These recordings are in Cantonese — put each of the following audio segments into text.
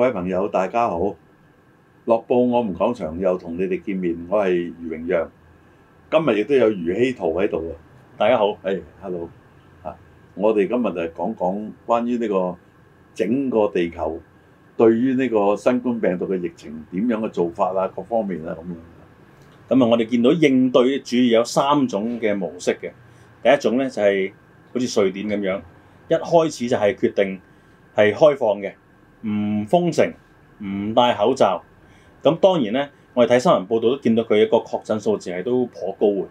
各位朋友，大家好！樂報我們講場，又同你哋見面，我係余榮陽。今日亦都有余希圖喺度。大家好，係 Hello 啊！我哋今日就係講講關於呢個整個地球對於呢個新冠病毒嘅疫情點樣嘅做法啊，各方面啊咁樣。咁啊，我哋見到應對主要有三種嘅模式嘅。第一種咧就係好似瑞典咁樣，一開始就係決定係開放嘅。唔封城，唔戴口罩，咁當然咧，我哋睇新聞報道都見到佢一個確診數字係都頗高嘅，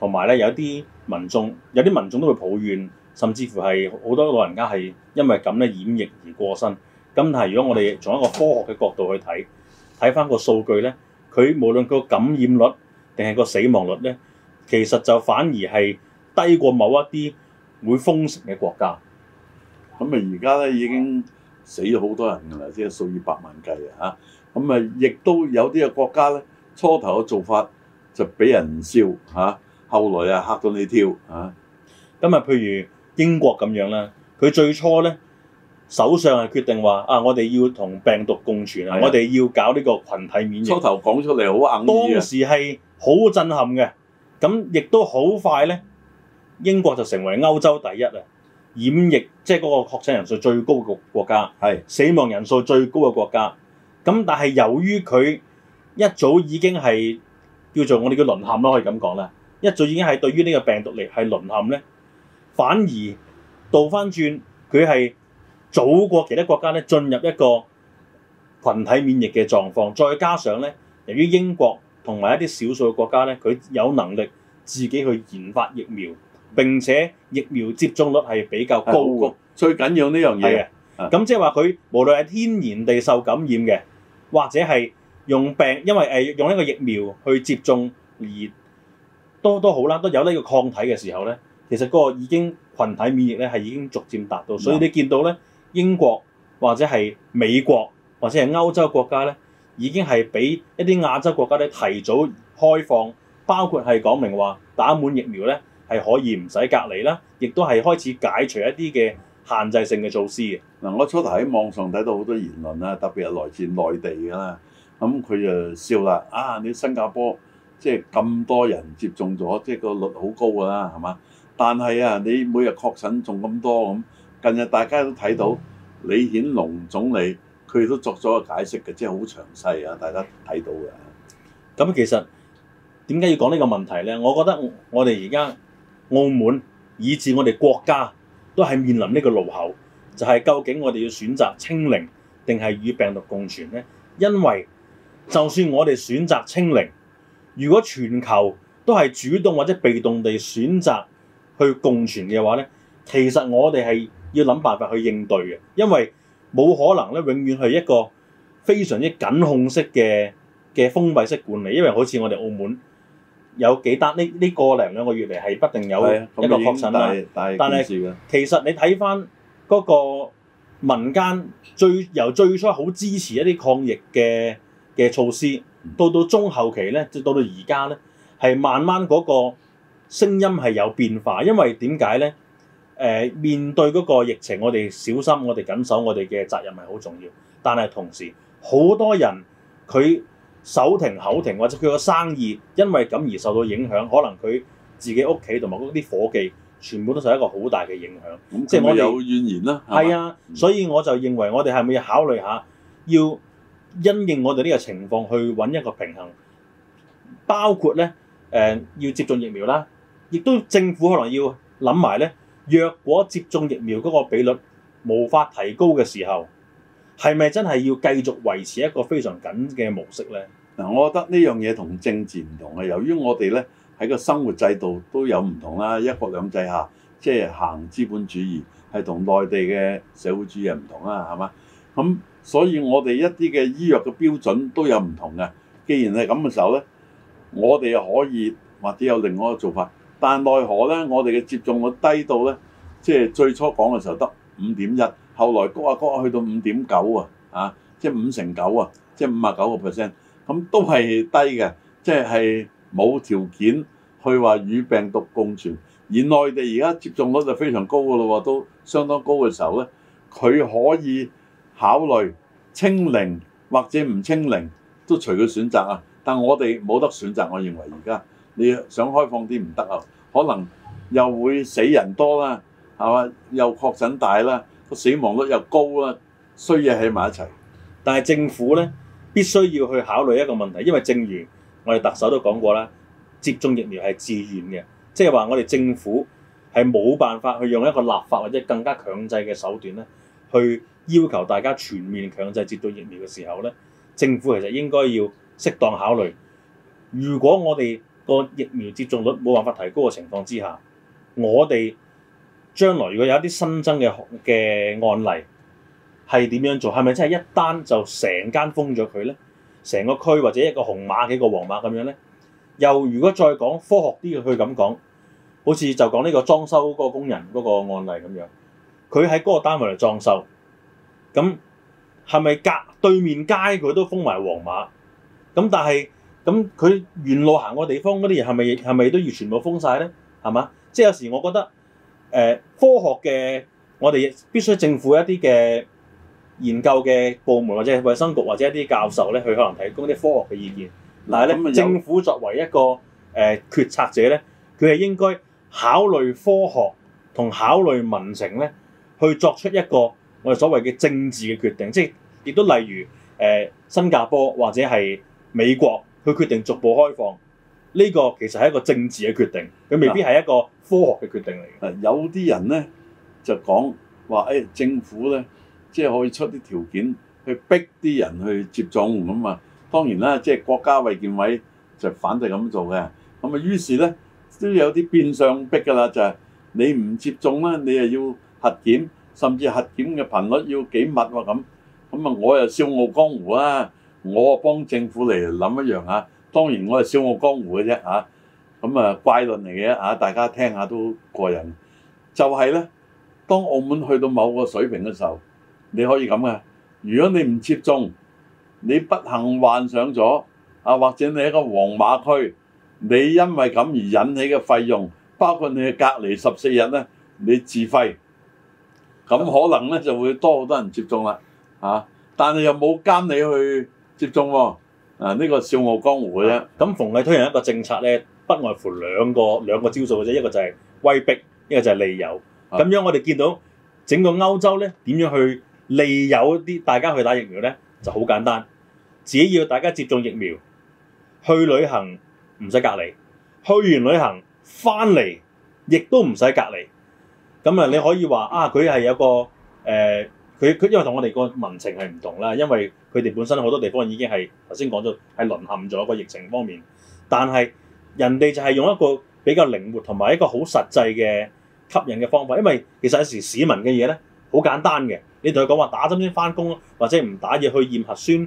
同埋咧有啲民眾，有啲民眾都會抱怨，甚至乎係好多老人家係因為咁咧染疫而過身。咁但係如果我哋從一個科學嘅角度去睇，睇翻個數據咧，佢無論個感染率定係個死亡率咧，其實就反而係低過某一啲會封城嘅國家。咁啊而家咧已經。死咗好多人㗎啦，即係數以百萬計啊！嚇，咁啊，亦都有啲嘅國家咧，初頭嘅做法就俾人笑嚇、啊，後來啊嚇到你跳嚇。咁啊，譬如英國咁樣啦，佢最初咧首相係決定話啊，我哋要同病毒共存啊，的我哋要搞呢個群體免疫。初頭講出嚟好硬語啊。當時係好震撼嘅，咁亦都好快咧，英國就成為歐洲第一啦。染疫即係嗰個確診人數最高嘅國家，係是死亡人數最高嘅國家。咁但係由於佢一早已經係叫做我哋叫淪陷咯，可以咁講啦。一早已經係對於呢個病毒嚟係淪陷咧，反而倒翻轉佢係早過其他國家咧，進入一個群體免疫嘅狀況，再加上咧，由於英國同埋一啲少數嘅國家咧，佢有能力自己去研發疫苗。並且疫苗接種率係比較高，的高的最緊要呢樣嘢嘅。咁的的即係話佢無論係天然地受感染嘅，或者係用病，因為誒、呃、用呢個疫苗去接種而多多好啦，都有呢個抗體嘅時候咧，其實嗰個已經群體免疫咧係已經逐漸達到。的所以你見到咧，英國或者係美國或者係歐洲國家咧，已經係比一啲亞洲國家咧提早開放，包括係講明話打滿疫苗咧。係可以唔使隔離啦，亦都係開始解除一啲嘅限制性嘅措施嘅。嗱、啊，我初頭喺網上睇到好多言論啦，特別係來自內地㗎啦。咁佢就笑啦，啊！你新加坡即係咁多人接種咗，即係個率好高㗎啦，係嘛？但係啊，你每日確診仲咁多咁。近日大家都睇到李顯龍總理佢都作咗個解釋嘅，即係好詳細啊，大家睇到㗎。咁、嗯、其實點解要講呢個問題呢？我覺得我哋而家澳門以至我哋國家都係面臨呢個路口，就係究竟我哋要選擇清零定係與病毒共存呢？因為就算我哋選擇清零，如果全球都係主動或者被動地選擇去共存嘅話咧，其實我哋係要諗辦法去應對嘅，因為冇可能咧永遠係一個非常之緊控式嘅嘅封閉式管理，因為好似我哋澳門。有幾單呢？呢、這個零兩個月嚟係不定有一個確診啦。哎、大大但係是事其實你睇翻嗰個民間最由最初好支持一啲抗疫嘅嘅措施，到到中後期咧，即到到而家咧，係慢慢嗰個聲音係有變化。因為點解咧？誒、呃、面對嗰個疫情，我哋小心，我哋緊守我哋嘅責任係好重要。但係同時，好多人佢。手停口停，或者佢個生意因為咁而受到影響，可能佢自己屋企同埋嗰啲伙計全部都受一個好大嘅影響，嗯、即係我有怨言啦。係啊，嗯、所以我就認為我哋係咪要考慮下，要因應我哋呢個情況去揾一個平衡，包括咧誒、呃、要接種疫苗啦，亦都政府可能要諗埋咧，若果接種疫苗嗰個比率無法提高嘅時候，係咪真係要繼續維持一個非常緊嘅模式咧？嗱，我覺得呢樣嘢同政治唔同啊。由於我哋咧喺個生活制度都有唔同啦，一國兩制下即係行資本主義，係同內地嘅社會主義唔同啦，係嘛？咁所以我哋一啲嘅醫藥嘅標準都有唔同嘅。既然係咁嘅時候咧，我哋又可以或者有另外一個做法。但奈何咧，我哋嘅接種率低到咧，即係最初講嘅時候得五點一，後來高啊高啊去到五點九啊，啊，即係五成九啊，即係五啊九個 percent。咁都係低嘅，即係冇條件去話與病毒共存。而內地而家接種率就非常高㗎咯喎，都相當高嘅時候呢，佢可以考慮清零或者唔清零都隨佢選擇啊。但我哋冇得選擇，我認為而家你想開放啲唔得啊，可能又會死人多啦，係嘛？又確診大啦，個死亡率又高啦，衰嘢喺埋一齊。但係政府呢，必須要去考慮一個問題，因為正如我哋特首都講過啦，接種疫苗係自願嘅，即係話我哋政府係冇辦法去用一個立法或者更加強制嘅手段咧，去要求大家全面強制接種疫苗嘅時候咧，政府其實應該要適當考慮，如果我哋個疫苗接種率冇辦法提高嘅情況之下，我哋將來如果有一啲新增嘅嘅案例。係點樣做？係咪真係一單就成間封咗佢咧？成個區或者一個紅馬幾個黃馬咁樣咧？又如果再講科學啲嘅，佢咁講，好似就講呢個裝修嗰個工人嗰個案例咁樣，佢喺嗰個單位嚟裝修，咁係咪隔對面街佢都封埋黃馬？咁但係咁佢沿路行嘅地方嗰啲嘢，係咪係咪都要全部封晒咧？係嘛？即係有時我覺得誒、呃、科學嘅，我哋必須政府一啲嘅。研究嘅部門或者衞生局或者一啲教授咧，佢可能提供啲科學嘅意見。但係咧，嗯嗯、政府作為一個誒、呃、決策者咧，佢係應該考慮科學同考慮民情咧，去作出一個我哋所謂嘅政治嘅決定。即係亦都例如誒、呃、新加坡或者係美國佢決定逐步開放呢、呢個，其實係一個政治嘅決定，佢未必係一個科學嘅決定嚟嘅、嗯。有啲人咧就講話誒，政府咧。即係可以出啲條件去逼啲人去接種咁啊！當然啦，即係國家衞健委就反對咁做嘅。咁啊，於是咧都有啲變相逼㗎啦，就係你唔接種啦，你又要核檢，甚至核檢嘅頻率要幾密喎咁。咁啊，我又笑傲江湖啦，我啊幫政府嚟諗一樣嚇。當然我係笑傲江湖嘅啫吓，咁啊，怪論嚟嘅嚇，大家聽下都過癮。就係咧，當澳門去到某個水平嘅時候。你可以咁嘅，如果你唔接種，你不幸患上咗啊，或者你喺個黃碼區，你因為咁而引起嘅費用，包括你嘅隔離十四日咧，你自費，咁可能咧就會多好多人接種啦，嚇、啊！但係又冇監你去接種喎，啊呢個笑傲江湖嘅啫。咁馮禮推行一個政策咧，不外乎兩個兩個招數嘅啫，一個就係威逼，一個就係利誘。咁、啊啊、樣我哋見到整個歐洲咧點樣去？利有啲，大家去打疫苗咧就好簡單，只要大家接種疫苗去旅行，唔使隔離，去完旅行翻嚟，亦都唔使隔離。咁啊，你可以話啊，佢係有個誒，佢、呃、佢因為同我哋個民情係唔同啦，因為佢哋本身好多地方已經係頭先講咗係淪陷咗個疫情方面。但係人哋就係用一個比較靈活同埋一個好實際嘅吸引嘅方法，因為其實有時市民嘅嘢咧好簡單嘅。你同佢講話打針先翻工，或者唔打嘢去驗核酸，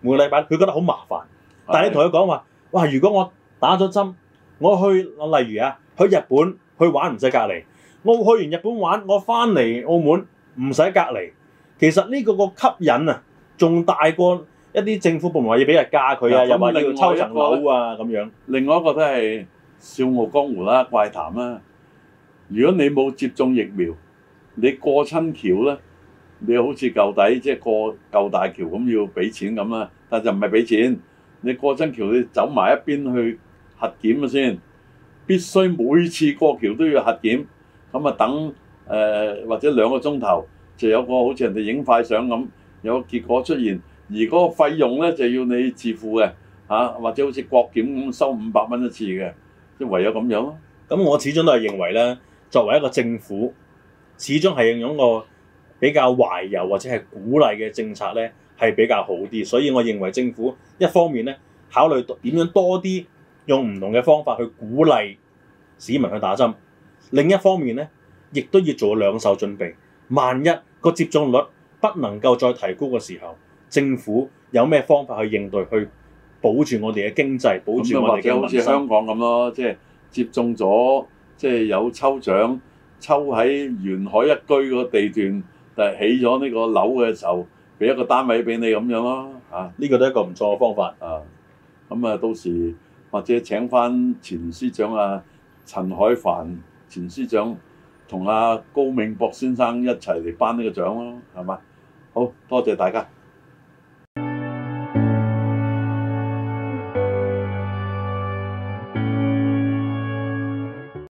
每個禮拜，佢覺得好麻煩。的但係你同佢講話哇，如果我打咗針，我去例如啊去日本去玩唔使隔離，我去完日本玩我翻嚟澳門唔使隔離。其實呢個個吸引啊仲大過一啲政府部門話要俾日假佢啊，又話你要抽層樓啊咁樣。另外一個都係笑傲江湖啦，怪談啦、啊。如果你冇接種疫苗，你過親橋咧？你好似舊底即係過舊大橋咁要俾錢咁啦，但就唔係俾錢，你過親橋你走埋一邊去核檢先，必須每次過橋都要核檢，咁啊等誒、呃、或者兩個鐘頭就有個好似人哋影快相咁有個結果出現，而嗰個費用呢，就要你自付嘅嚇、啊，或者好似國檢咁收五百蚊一次嘅，即唯有咁樣囉。咁我始終都係認為呢，作為一個政府，始終係用個比較懷柔或者係鼓勵嘅政策咧，係比較好啲，所以我認為政府一方面咧，考慮點樣多啲用唔同嘅方法去鼓勵市民去打針，另一方面咧，亦都要做兩手準備，萬一個接種率不能夠再提高嘅時候，政府有咩方法去應對，去保住我哋嘅經濟，保住我哋嘅民生。好似香港咁咯，即係接種咗，即係有抽獎抽喺沿海一居個地段。起咗呢個樓嘅時候，俾一個單位俾你咁樣咯嚇，呢、啊這個都係一個唔錯嘅方法啊。咁啊，到時或者請翻前司長啊、陳海帆前司長同阿、啊、高明博先生一齊嚟頒呢個獎咯，係、啊、嘛？好多謝大家。